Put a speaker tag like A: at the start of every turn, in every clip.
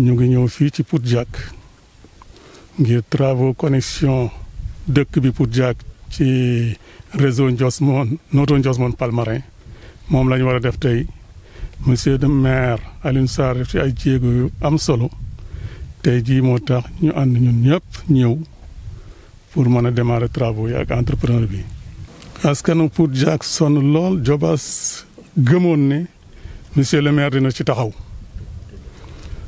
A: ñu ngi ñëw fii ci Poudjak ngir travaux connexion dëkk bi Poudjak ci réseau Ndiosmone Notto Ndiosmone Palmarin moom la ñu war a def tey monsieur le maire Alioune Sarr def ci ay jéego yu am solo tey jii moo tax ñu ànd ñun ñëpp ñëw pour mën a démarrer travaux yi ak entrepreneur bi. askanu Poudjak sonn lool Jobas gëmoon ne monsieur le maire dina ci taxaw.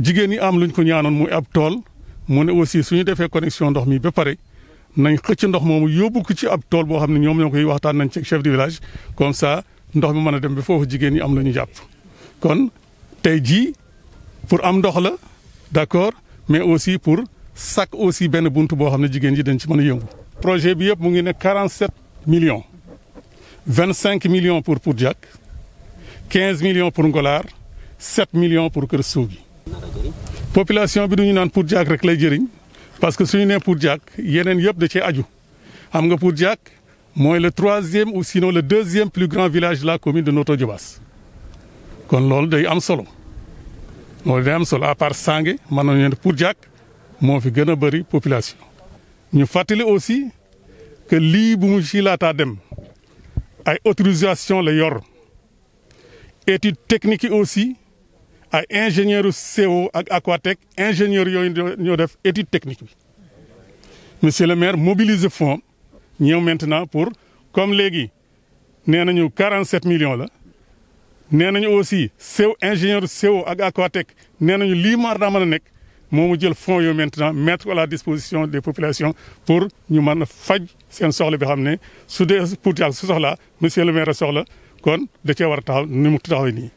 A: jigéen ñi am luñ ko ñaanoon muy ab tool mu ne aussi suñu defee connexion ndox mi ba pare nañ xëcc ndox moom yóbbu ko ci ab tool boo xam ne ñoom ñoo koy waxtaan nañ ci chef de village comme ça ndox mi mën a dem ba foofu jigéen ñi am la ñu jàpp. kon tey jii pour am ndox la d'accord mais aussi pour sakk aussi benn buntu boo xam ne jigéen ji dañ ci mën a yëngu. projet bi yëpp mu ngi ne million millions 25 millions pour Poudjak 15 millions pour Ngolaar 7 millions pour Kër Sougi. population bi du ñu naan pour Diack rek lay jëriñ parce que suñu nee pour Diack yeneen yëpp da cee aju xam nga pour Diack mooy le troisième ou sinon le deuxième plus grand village de la commune de noto Diobass kon loolu day am solo loolu day am solo à part Sangué mën nañu ne Pout Diack moo fi gën a bëri population. ñu fàttali aussi que lii bu mu ci laataa dem ay autorisation la yor étude technique aussi ay ingénieur CO ak aquatec ingénieur à ñoo def étude technique monsieur le maire le fonds ñëw maintenant pour comme légui nous avons 47 millions la nenañu aussi l'ingénieur ingénieur CO ak aquatec nenañu li mar da mëna nek momu jël fonds maintenant mettre à la disposition des populations pour ñu nous a faj seen soxla bi xamné su pour soxla monsieur le maire soxla kon da ci war a ni